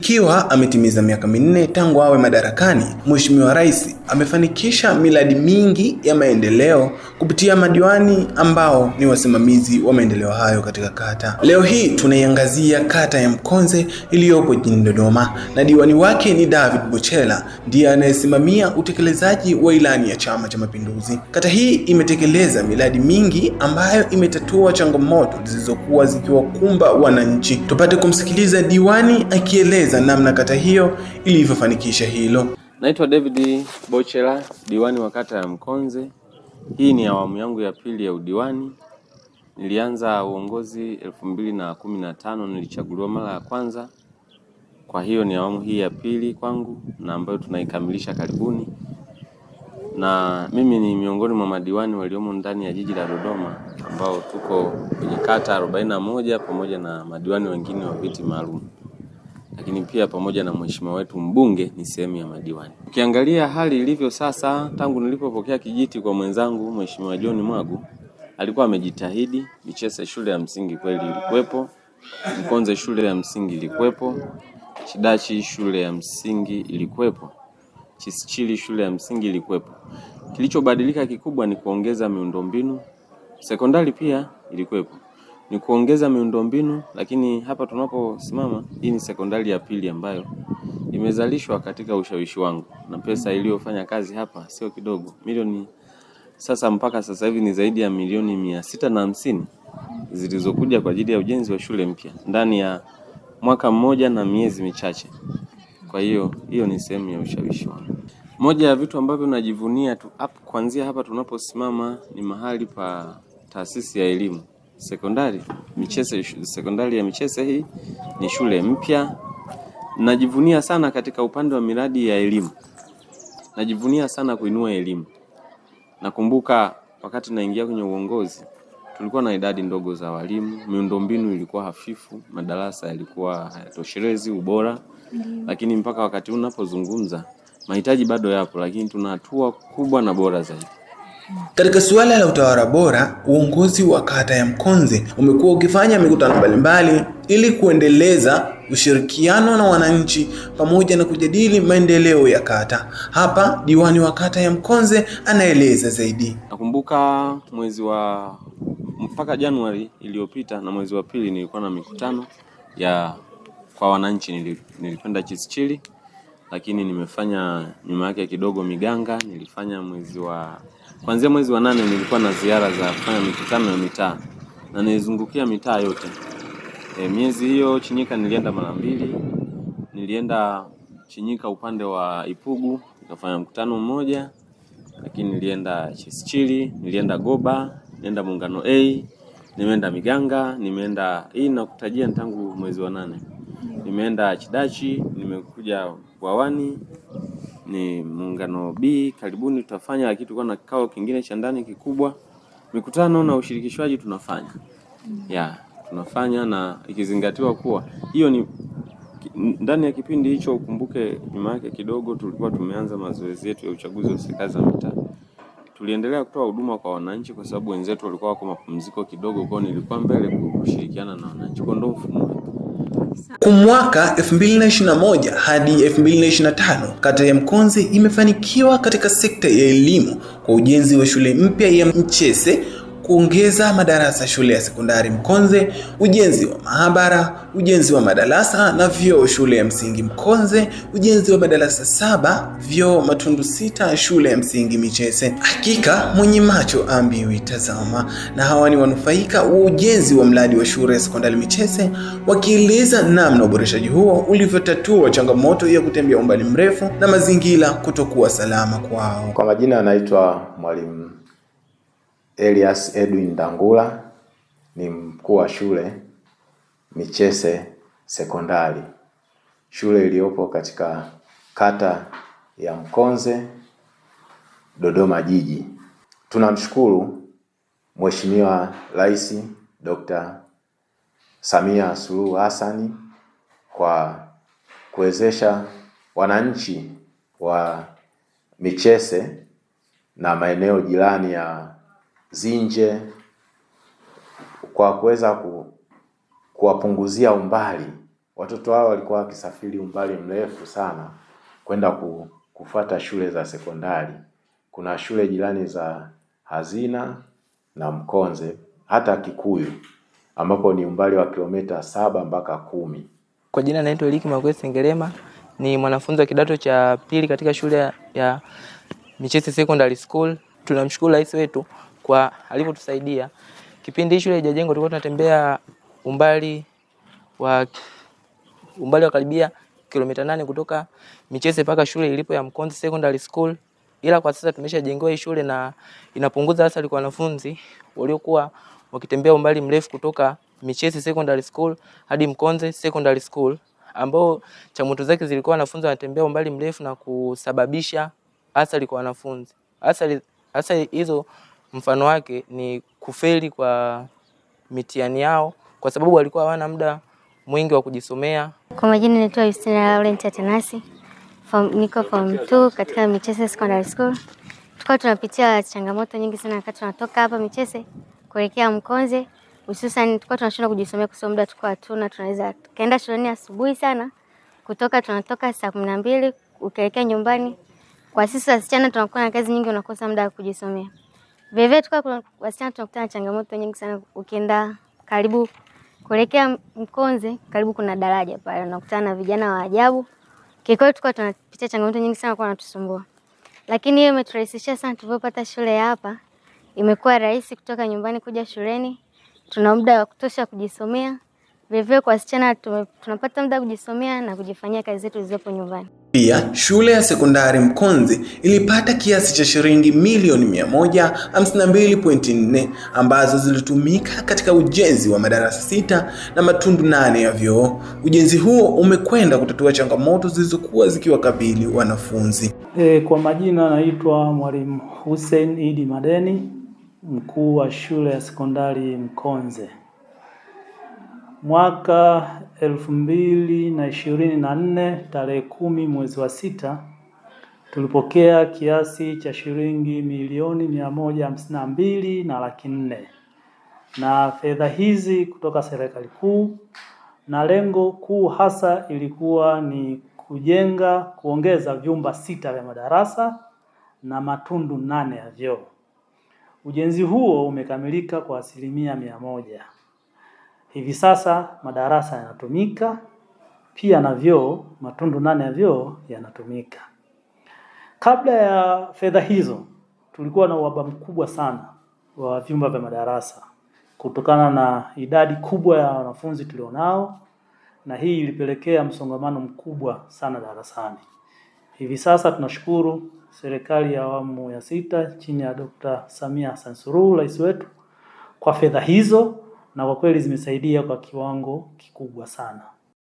Ikiwa ametimiza miaka minne tangu awe madarakani, Mheshimiwa Rais amefanikisha miradi mingi ya maendeleo kupitia madiwani ambao ni wasimamizi wa maendeleo hayo katika kata. Leo hii tunaiangazia kata ya Mkonze iliyopo jijini Dodoma, na diwani wake ni David Bochela, ndiye anayesimamia utekelezaji wa ilani ya Chama cha Mapinduzi. Kata hii imetekeleza miradi mingi ambayo imetatua changamoto zilizokuwa zikiwakumba wananchi. Tupate kumsikiliza diwani akieleza namna kata hiyo ilivyofanikisha hilo. Naitwa David Bochela, diwani wa kata ya Mkonze. Hii ni awamu yangu ya pili ya udiwani. Nilianza uongozi elfu mbili na kumi na tano nilichaguliwa mara ya kwanza, kwa hiyo ni awamu hii ya pili kwangu na ambayo tunaikamilisha karibuni, na mimi ni miongoni mwa madiwani waliomo ndani ya jiji la Dodoma ambao tuko kwenye kata 41 pamoja na madiwani wengine wa viti maalum lakini pia pamoja na mheshimiwa wetu mbunge ni sehemu ya madiwani. Ukiangalia hali ilivyo sasa, tangu nilipopokea kijiti kwa mwenzangu Mheshimiwa John Mwagu, alikuwa amejitahidi. Michese shule ya msingi kweli ilikuwepo, Mkonze shule ya msingi ilikuwepo, Chidachi shule ya msingi ilikuwepo, Chisichili shule ya msingi ilikuwepo. Kilichobadilika kikubwa ni kuongeza miundombinu. Sekondari pia ilikuwepo ni kuongeza miundombinu, lakini hapa tunaposimama, hii ni sekondari ya pili ambayo imezalishwa katika ushawishi wangu na pesa iliyofanya kazi hapa sio kidogo, milioni sasa mpaka sasa hivi ni zaidi ya milioni mia sita na hamsini zilizokuja kwa ajili ya ujenzi wa shule mpya ndani ya mwaka mmoja na miezi michache. Kwa hiyo hiyo ni sehemu ya ushawishi wangu. Moja ya vitu ambavyo najivunia tu kuanzia hapa tunaposimama ni mahali pa taasisi ya elimu sekondari Michese. Sekondari ya Michese hii ni shule mpya. Najivunia sana katika upande wa miradi ya elimu, najivunia sana kuinua elimu. Nakumbuka wakati naingia kwenye uongozi tulikuwa na idadi ndogo za walimu, miundombinu ilikuwa hafifu, madarasa yalikuwa hayatoshelezi ubora Lakini mpaka wakati unapozungumza mahitaji bado yapo, lakini tuna hatua kubwa na bora zaidi. Katika suala la utawala bora, uongozi wa kata ya Mkonze umekuwa ukifanya mikutano mbalimbali ili kuendeleza ushirikiano na wananchi pamoja na kujadili maendeleo ya kata. Hapa diwani wa kata ya Mkonze anaeleza zaidi. Nakumbuka mwezi wa mpaka Januari iliyopita na mwezi wa pili nilikuwa na mikutano ya kwa wananchi, nilikwenda Chisichili, lakini nimefanya nyuma yake kidogo Miganga, nilifanya mwezi wa Kuanzia mwezi wa nane nilikuwa na ziara za kufanya mikutano ya mitaa na nilizungukia mitaa yote. E, miezi hiyo Chinyika nilienda mara mbili. Nilienda Chinyika upande wa Ipugu nikafanya mkutano mmoja, lakini nilienda Chisichili, nilienda Goba, nilienda Muungano A, nimeenda Miganga, nimeenda hii nakutajia tangu mwezi wa nane. Nimeenda Chidachi, nimekuja Bwawani ni Muungano B. Karibuni, tutafanya lakini tulikuwa na kikao kingine cha ndani kikubwa. Mikutano na ushirikishwaji tunafanya yeah, tunafanya na ikizingatiwa kuwa hiyo ni ndani ya kipindi hicho, ukumbuke nyuma yake kidogo tulikuwa tumeanza mazoezi yetu ya uchaguzi wa serikali za mitaa. Tuliendelea kutoa huduma kwa wananchi, kwa sababu wenzetu walikuwa wako mapumziko kidogo, kwao nilikuwa mbele kushirikiana na wananchi, kwa ndio mfumo kwa mwaka 2021 hadi 2025, kata ya Mkonzi imefanikiwa katika sekta ya elimu kwa ujenzi wa shule mpya ya Mchese kuongeza madarasa shule ya sekondari Mkonze, ujenzi wa maabara, ujenzi wa madarasa na vyoo shule ya msingi Mkonze, ujenzi wa madarasa saba, vyoo Matundu sita, shule ya msingi Michese. Hakika mwenye macho ambiwi tazama, na hawa ni wanufaika wa ujenzi wa mradi wa shule ya sekondari Michese, wakieleza namna uboreshaji huo ulivyotatua changamoto ya kutembea umbali mrefu na mazingira kutokuwa salama kwao. Kwa majina anaitwa Mwalimu Elias Edwin Dangula ni mkuu wa shule Michese Sekondari, shule iliyopo katika kata ya Mkonze, Dodoma Jiji. Tunamshukuru Mheshimiwa Rais Dr. Samia Suluhu Hassan kwa kuwezesha wananchi wa Michese na maeneo jirani ya zinje kwa kuweza ku, kuwapunguzia umbali. Watoto hao walikuwa wakisafiri umbali mrefu sana kwenda ku, kufata shule za sekondari. Kuna shule jirani za Hazina na Mkonze hata Kikuyu ambapo ni umbali wa kilomita saba mpaka kumi. Kwa jina naitwa Eliki Makwesi Ngelema, ni mwanafunzi wa kidato cha pili katika shule ya Michesi Secondary School. Tunamshukuru rais wetu kwa alivyotusaidia. Kipindi shule ijajengwa tulikuwa tunatembea umbali wa umbali wa karibia kilomita nane kutoka Micheze mpaka shule ilipo ya Mkonzi Secondary School, ila kwa sasa tumeshajengewa hii shule na inapunguza hasa kwa wanafunzi waliokuwa wakitembea umbali mrefu kutoka Micheze Secondary School hadi Mkonze Secondary School ambao changamoto zake zilikuwa wanafunzi wanatembea umbali mrefu na kusababisha athari kwa wanafunzi. hasa hizo Mfano wake ni kufeli kwa mitihani yao kwa sababu walikuwa hawana muda mwingi wa kujisomea. Kwa majina naitwa Justina Laurent Atanasi. Form, niko form 2 katika Michese Secondary School. Tulikuwa tunapitia changamoto nyingi sana wakati tunatoka hapa Michese kuelekea Mkonze. Hususan tulikuwa tunashindwa kujisomea kwa sababu muda tulikuwa hatuna, tunaweza tukaenda shuleni asubuhi sana. Kutoka tunatoka saa 12 ukielekea nyumbani. Kwa sisi wasichana tunakuwa na kazi nyingi, unakosa muda wa kujisomea. Vile vile kuna wasichana tunakutana changamoto nyingi sana. Ukienda karibu kuelekea Mkonze, karibu kuna daraja pale, unakutana na vijana wa ajabu. Kikweli tulikuwa tunapitia changamoto nyingi sana kwa natusumbua, lakini hiyo imeturahisishia sana. Tulipopata shule hapa, imekuwa rahisi kutoka nyumbani kuja shuleni. Tuna muda wa kutosha kujisomea. Vivyo vile kwa wasichana tunapata muda kujisomea na kujifanyia kazi zetu zilizopo nyumbani. Pia shule ya sekondari Mkonzi ilipata kiasi cha shilingi milioni 152.4 ambazo zilitumika katika ujenzi wa madarasa sita na matundu nane ya vyoo. Ujenzi huo umekwenda kutatua changamoto zilizokuwa zikiwakabili wanafunzi. E, kwa majina naitwa Mwalimu Hussein Idi Madeni, mkuu wa shule ya sekondari Mkonze mwaka elfu mbili na ishirini na nne tarehe kumi mwezi wa sita tulipokea kiasi cha shilingi milioni mia moja hamsini na mbili na laki nne na fedha hizi kutoka serikali kuu, na lengo kuu hasa ilikuwa ni kujenga kuongeza vyumba sita vya madarasa na matundu nane ya vyoo. Ujenzi huo umekamilika kwa asilimia mia moja. Hivi sasa madarasa yanatumika pia na vyoo, matundu nane ya vyoo yanatumika. Kabla ya fedha hizo, tulikuwa na uhaba mkubwa sana wa vyumba vya madarasa kutokana na idadi kubwa ya wanafunzi tulionao, na hii ilipelekea msongamano mkubwa sana darasani. Hivi sasa tunashukuru serikali ya awamu ya sita chini ya Dr. Samia Hassan Suluhu, rais wetu, kwa fedha hizo na kwa kweli zimesaidia kwa kiwango kikubwa sana.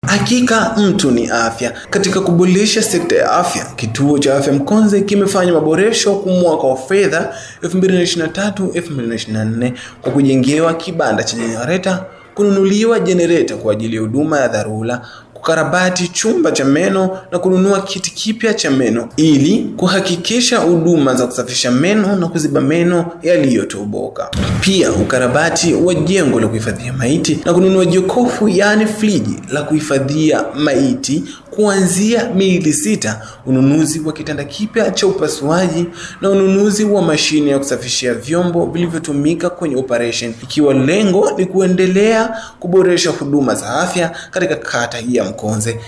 Hakika mtu ni afya. Katika kuboresha sekta ya afya, kituo cha afya Mkonze kimefanya maboresho kwa mwaka wa fedha 2023/2024 kwa kujengewa kibanda cha jenereta, kununuliwa jenereta kwa ajili ya huduma ya dharura, kukarabati chumba cha meno na kununua kiti kipya cha meno ili kuhakikisha huduma za kusafisha meno na kuziba meno yaliyotoboka. Pia ukarabati wa jengo la kuhifadhia maiti na kununua jokofu, yaani friji la kuhifadhia maiti kuanzia miili sita, ununuzi wa kitanda kipya cha upasuaji na ununuzi wa mashine ya kusafishia vyombo vilivyotumika kwenye operation, ikiwa lengo ni kuendelea kuboresha huduma za afya katika kata ya Mkonze.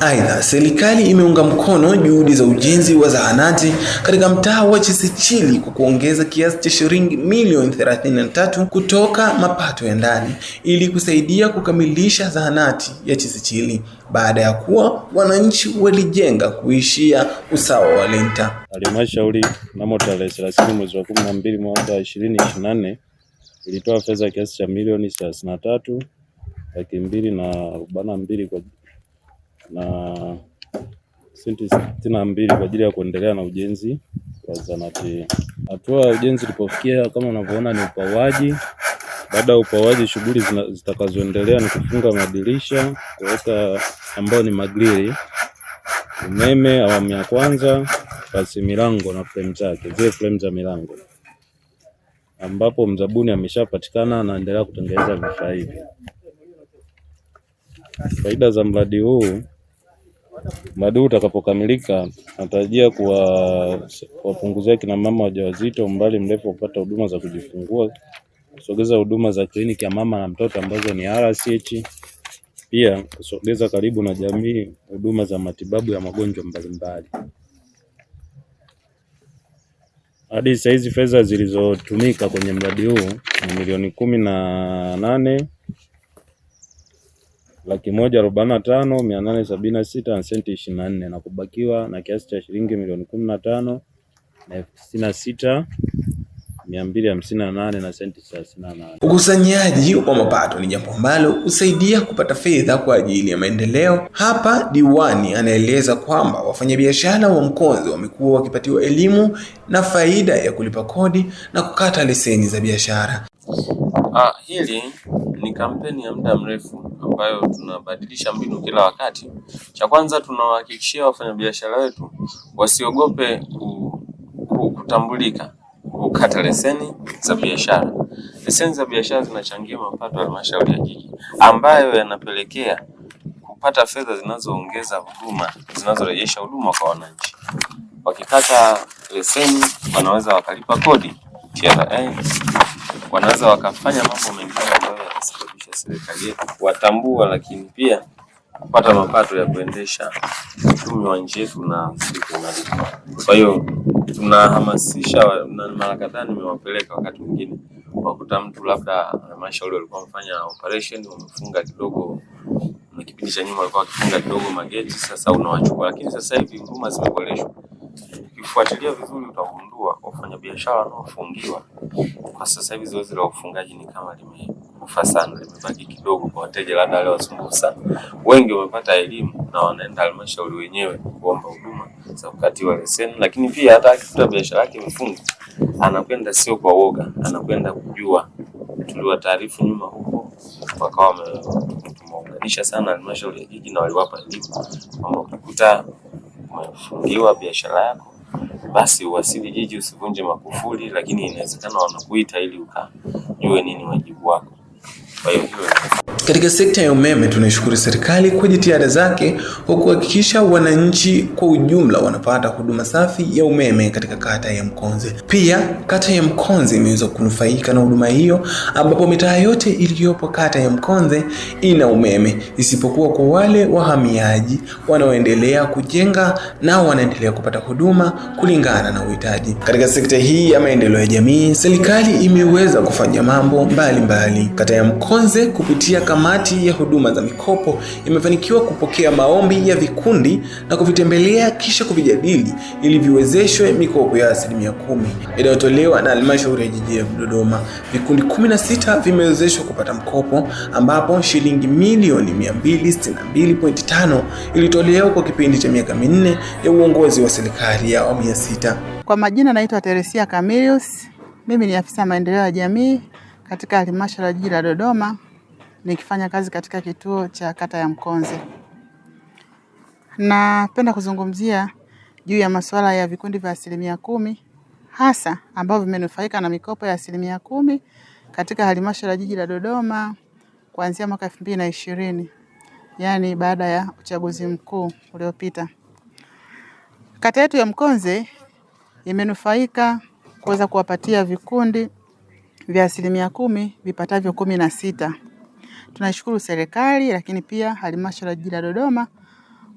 Aidha, serikali imeunga mkono juhudi za ujenzi wa zahanati katika mtaa wa Chisichili kwa kuongeza kiasi cha shilingi milioni 33 kutoka mapato ya ndani ili kusaidia kukamilisha zahanati ya Chisichili baada ya kuwa wananchi walijenga kuishia usawa wa lenta. Halmashauri mnamo tarehe 30 mwezi wa 12 mwaka 2024 ilitoa fedha kiasi cha milioni 33 laki mbili na arobaini na mbili kwa na senti sitini na mbili kwa ajili ya kuendelea na ujenzi wa zahanati. Hatua ya ujenzi ilipofikia, kama unavyoona, ni upawaji. Baada ya upawaji, shughuli zitakazoendelea ni kufunga madirisha, kuweka ambayo ni magrili, umeme awamu ya kwanza, basi milango na frame zake, zile frame za milango, ambapo mzabuni ameshapatikana anaendelea kutengeneza vifaa hivi. Faida za mradi huu Mradi huu utakapokamilika natarajia kuwapunguzia kina mama wajawazito umbali mrefu wa kupata huduma za kujifungua, kusogeza huduma za kliniki ya mama na mtoto ambazo ni RCH, pia kusogeza karibu na jamii huduma za matibabu ya magonjwa mbalimbali. Hadi sasa hizi fedha zilizotumika kwenye mradi huu ni milioni kumi na nane laki moja arobaini na tano mia nane sabini na sita na senti ishirini na nne na kubakiwa na kiasi cha shilingi milioni kumi na tano na elfu sitini na sita mia mbili hamsini na nane na senti thelathini na nane. Ukusanyaji wa mapato ni jambo ambalo husaidia kupata fedha kwa ajili ya maendeleo. Hapa diwani anaeleza kwamba wafanyabiashara wa Mkonzi wamekuwa wakipatiwa elimu na faida ya kulipa kodi na kukata leseni za biashara. Ah, hili kampeni ya muda mrefu ambayo tunabadilisha mbinu kila wakati. Cha kwanza tunawahakikishia wafanyabiashara wetu wasiogope kutambulika, kukata leseni za biashara. Leseni za biashara zinachangia mapato ya halmashauri ya jiji ambayo yanapelekea kupata fedha zinazoongeza huduma, zinazorejesha huduma kwa wananchi. Wakikata leseni wanaweza wakalipa kodi TRA, wanaweza wakafanya mambo mengine serikali yetu kuwatambua, lakini pia kupata mapato ya kuendesha uchumi wa nchi yetu na zidi kuimarika. Kwa hiyo tunahamasisha na mara kadhaa nimewapeleka, wakati mwingine wakuta mtu labda halmashauri walikuwa wamefanya operation wamefunga kidogo na kipindi cha nyuma walikuwa wakifunga kidogo mageti, sasa unawachukua, lakini sasa hivi huduma zimeboreshwa. Ukifuatilia vizuri utagundua wafanyabiashara wanaofungiwa kwa sasa hivi, zoezi la ufungaji ni kama lime limekufa sana, limebaki kidogo kwa wateja labda wale wasumbufu sana. Wengi wamepata elimu na wanaenda halmashauri wenyewe kuomba huduma za wa leseni, lakini pia hata akifuta biashara yake imefungwa anakwenda sio kwa woga, anakwenda kujua. Tuliwa Tuliwataarifu nyuma huko, wakawa tumeunganisha sana halmashauri ya jiji na waliwapa elimu kwamba ukikuta umefungiwa biashara yako basi uwasili jiji, usivunje makufuli, lakini inawezekana wanakuita ili ukajue nini wajibu wako. 哎呦！Katika sekta ya umeme, tunaishukuru serikali kwa jitihada zake kwa kuhakikisha wananchi kwa ujumla wanapata huduma safi ya umeme katika kata ya Mkonze. Pia kata ya Mkonze imeweza kunufaika na huduma hiyo, ambapo mitaa yote iliyopo kata ya Mkonze ina umeme isipokuwa kwa wale wahamiaji wanaoendelea kujenga, nao wanaendelea kupata huduma kulingana na uhitaji. Katika sekta hii ya maendeleo ya jamii, serikali imeweza kufanya mambo mbalimbali mbali. Kata ya Mkonze kupitia kama Kamati ya Huduma za Mikopo imefanikiwa kupokea maombi ya vikundi na kuvitembelea kisha kuvijadili ili viwezeshwe mikopo ya asilimia kumi inayotolewa na Halmashauri ya Jiji la Dodoma. Vikundi 16 vimewezeshwa kupata mkopo ambapo shilingi milioni 262.5 ilitolewa kwa kipindi cha miaka minne ya uongozi wa serikali ya awamu ya sita. Kwa majina naitwa Teresia Camilius, mimi ni afisa maendeleo ya jamii katika halmashauri ya jiji la Dodoma nikifanya kazi katika kituo cha kata ya Mkonze. Napenda kuzungumzia juu ya masuala ya vikundi vya asilimia kumi hasa ambavyo vimenufaika na mikopo ya asilimia kumi katika halmashauri ya jiji la Dodoma kuanzia mwaka elfu mbili na ishirini yaani baada ya uchaguzi mkuu uliopita. Kata yetu ya Mkonze imenufaika kuweza kuwapatia vikundi vya asilimia kumi vipatavyo kumi na sita tunashukuru serikali lakini pia halmashauri ya jiji la Dodoma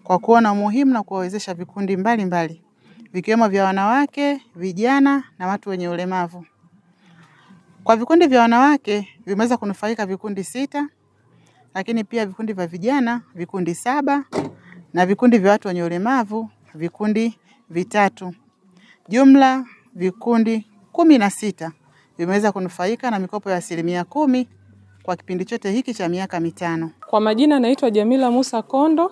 kwa kuona umuhimu na kuwawezesha vikundi mbalimbali vikiwemo vya wanawake, vijana na watu wenye ulemavu. Kwa vikundi vya wanawake vimeweza kunufaika vikundi sita, lakini pia vikundi vya vijana vikundi saba na vikundi vya watu wenye ulemavu vikundi vitatu. Jumla vikundi kumi na sita vimeweza kunufaika na mikopo ya asilimia kumi kwa kipindi chote hiki cha miaka mitano. Kwa majina naitwa Jamila Musa Kondo,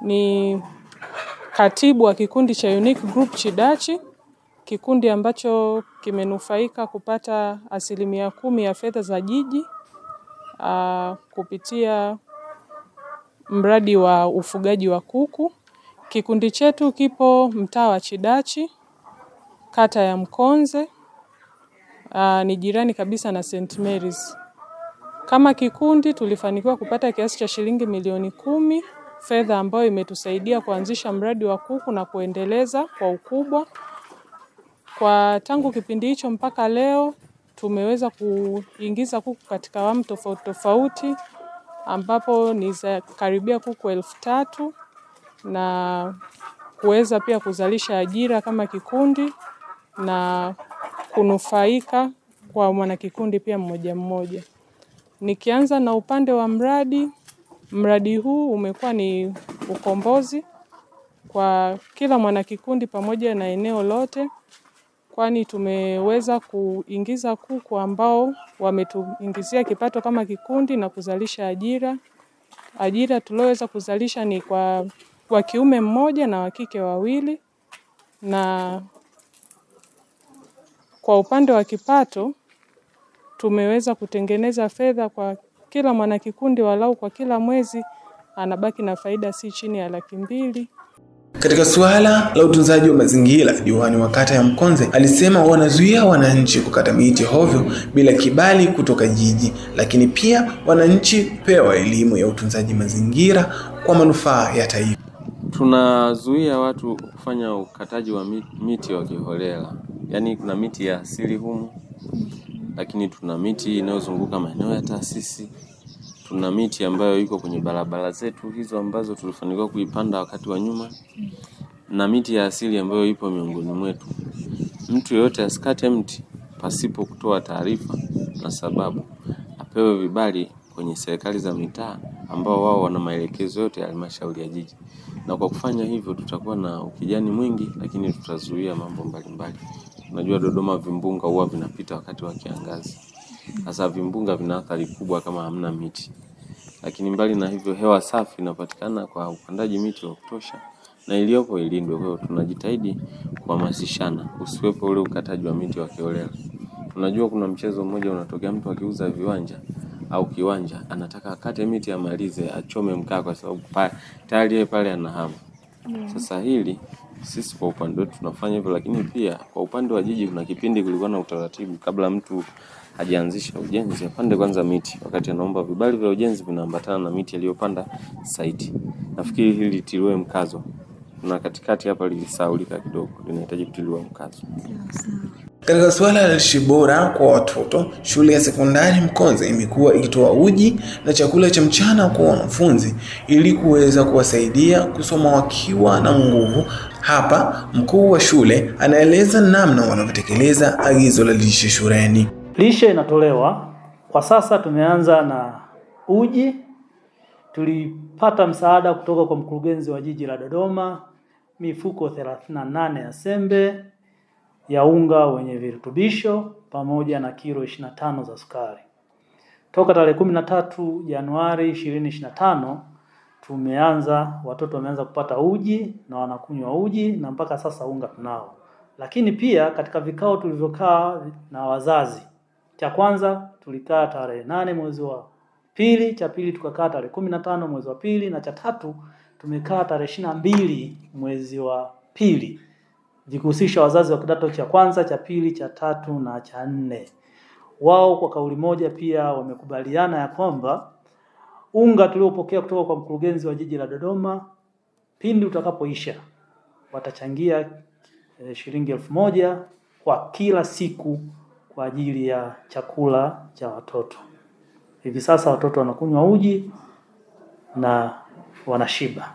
ni katibu wa kikundi cha Unique Group Chidachi, kikundi ambacho kimenufaika kupata asilimia kumi ya fedha za jiji a, ah, kupitia mradi wa ufugaji wa kuku. Kikundi chetu kipo mtaa wa Chidachi, kata ya Mkonze, ah, ni jirani kabisa na St Mary's. Kama kikundi tulifanikiwa kupata kiasi cha shilingi milioni kumi, fedha ambayo imetusaidia kuanzisha mradi wa kuku na kuendeleza kwa ukubwa. Kwa tangu kipindi hicho mpaka leo tumeweza kuingiza kuku katika awamu tofauti tofauti ambapo ni karibia kuku elfu tatu na kuweza pia kuzalisha ajira kama kikundi na kunufaika kwa mwanakikundi pia mmoja mmoja. Nikianza na upande wa mradi, mradi huu umekuwa ni ukombozi kwa kila mwanakikundi pamoja na eneo lote, kwani tumeweza kuingiza kuku ambao wametuingizia kipato kama kikundi na kuzalisha ajira. Ajira tulioweza kuzalisha ni kwa wa kiume mmoja na wa kike wawili, na kwa upande wa kipato tumeweza kutengeneza fedha kwa kila mwanakikundi, walau kwa kila mwezi anabaki na faida si chini ya laki mbili. Katika suala la utunzaji wa mazingira, diwani wa kata ya Mkonze alisema wanazuia wananchi kukata miti hovyo bila kibali kutoka jiji, lakini pia wananchi pewa elimu ya utunzaji mazingira kwa manufaa ya taifa. Tunazuia watu kufanya ukataji wa miti wakiholela, yaani kuna miti ya asili humu lakini tuna miti inayozunguka maeneo ya taasisi, tuna miti ambayo iko kwenye barabara zetu hizo ambazo tulifanikiwa kuipanda wakati wa nyuma, na miti ya asili ambayo ipo miongoni mwetu. Mtu yeyote asikate mti pasipo kutoa taarifa na sababu, apewe vibali kwenye serikali za mitaa ambao wao wana maelekezo yote ya halmashauri ya jiji, na kwa kufanya hivyo tutakuwa na ukijani mwingi, lakini tutazuia mambo mbalimbali. Unajua Dodoma vimbunga huwa vinapita wakati wa kiangazi. hasa vimbunga vina athari kubwa kama hamna miti, lakini mbali na hivyo, hewa safi inapatikana kwa upandaji miti wa kutosha na iliyopo ilindwe. Kwa hiyo tunajitahidi kuhamasishana, usiwepo ule ukataji wa miti wa kiolela. Unajua kuna mchezo mmoja unatokea, mtu akiuza viwanja au kiwanja anataka akate miti amalize, achome mkaa, kwa sababu tayari yeye pale anahama. Mm. Sasa hili sisi kwa upande wetu tunafanya hivyo, lakini pia kwa upande wa jiji kuna kipindi kulikuwa na utaratibu kabla mtu hajaanzisha ujenzi apande kwanza miti. Wakati anaomba vibali vya ujenzi vinaambatana na miti aliyopanda saiti. Nafikiri hili litiliwe mkazo, na katikati hapa lilisaulika kidogo, linahitaji kutiliwa mkazo. Katika suala la lishe bora kwa watoto, shule ya sekondari Mkonza imekuwa ikitoa uji na chakula cha mchana kwa wanafunzi ili kuweza kuwasaidia kusoma wakiwa na nguvu. Hapa mkuu wa shule anaeleza namna wanavyotekeleza agizo la lishe shuleni. Lishe inatolewa kwa sasa, tumeanza na uji. Tulipata msaada kutoka kwa mkurugenzi wa jiji la Dodoma, mifuko 38 ya sembe ya unga wenye virutubisho pamoja na kilo 25 za sukari. Toka tarehe 13 Januari 2025 tumeanza, watoto wameanza kupata uji na wanakunywa uji na mpaka sasa unga tunao. Lakini pia katika vikao tulivyokaa na wazazi, cha kwanza tulikaa tarehe nane mwezi wa pili, cha pili tukakaa tarehe kumi na tano mwezi wa pili, na cha tatu tumekaa tarehe ishirini na mbili mwezi wa pili jihusisha wazazi wa kidato cha kwanza, cha pili, cha tatu na cha nne. Wao kwa kauli moja pia wamekubaliana ya kwamba unga tuliopokea kutoka kwa mkurugenzi wa jiji la Dodoma pindi utakapoisha watachangia e, shilingi elfu moja kwa kila siku kwa ajili ya chakula cha watoto. Hivi sasa watoto wanakunywa uji na wanashiba.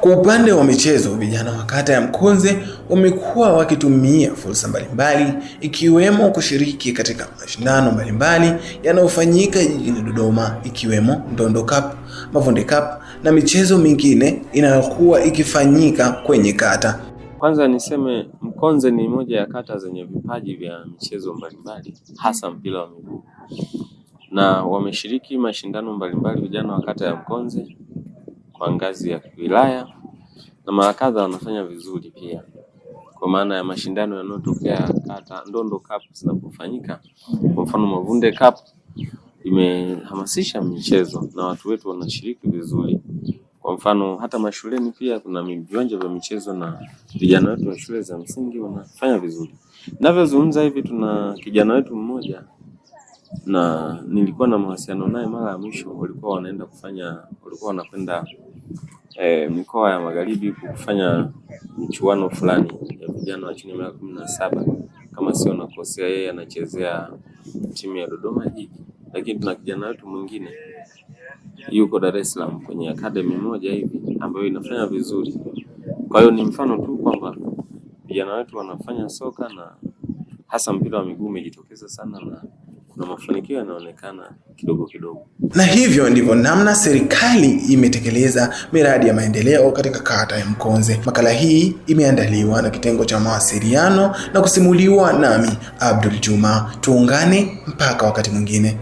Kwa upande wa michezo, vijana wa kata ya Mkonze wamekuwa wakitumia fursa mbalimbali ikiwemo kushiriki katika mashindano mbalimbali yanayofanyika jijini Dodoma ikiwemo Ndondo Cup, Mavunde Cup na michezo mingine inayokuwa ikifanyika kwenye kata. Kwanza niseme Mkonze ni moja ya kata zenye vipaji vya michezo mbalimbali hasa mpira wa miguu, na wameshiriki mashindano mbalimbali vijana wa kata ya Mkonze kwa ngazi ya wilaya na mara kadha wanafanya vizuri pia, kwa maana ya mashindano yanayotokea kata Ndondo Cup zinapofanyika. Kwa mfano Mavunde Cup imehamasisha michezo na watu wetu wanashiriki vizuri. Kwa mfano hata mashuleni pia kuna viwanja vya michezo na vijana wetu wa shule za msingi wanafanya vizuri. Ninavyozungumza hivi, tuna kijana wetu mmoja na nilikuwa na mahusiano naye mara ya mwisho walikuwa wanaenda kufanya walikuwa wanakwenda e, mikoa ya magharibi kufanya michuano fulani ya vijana wa chini ya miaka kumi na saba kama sio nakosea, yeye anachezea timu ya Dodoma hii, lakini tuna kijana wetu mwingine yuko Dar es Salaam kwenye academy moja hivi ambayo inafanya vizuri. Kwa hiyo ni mfano tu kwamba vijana wetu wanafanya soka na hasa mpira wa miguu umejitokeza sana na na mafanikio yanaonekana kidogo kidogo. Na hivyo ndivyo namna serikali imetekeleza miradi ya maendeleo katika kata ya Mkonze. Makala hii imeandaliwa na kitengo cha mawasiliano na kusimuliwa nami Abdul Juma. Tuungane mpaka wakati mwingine.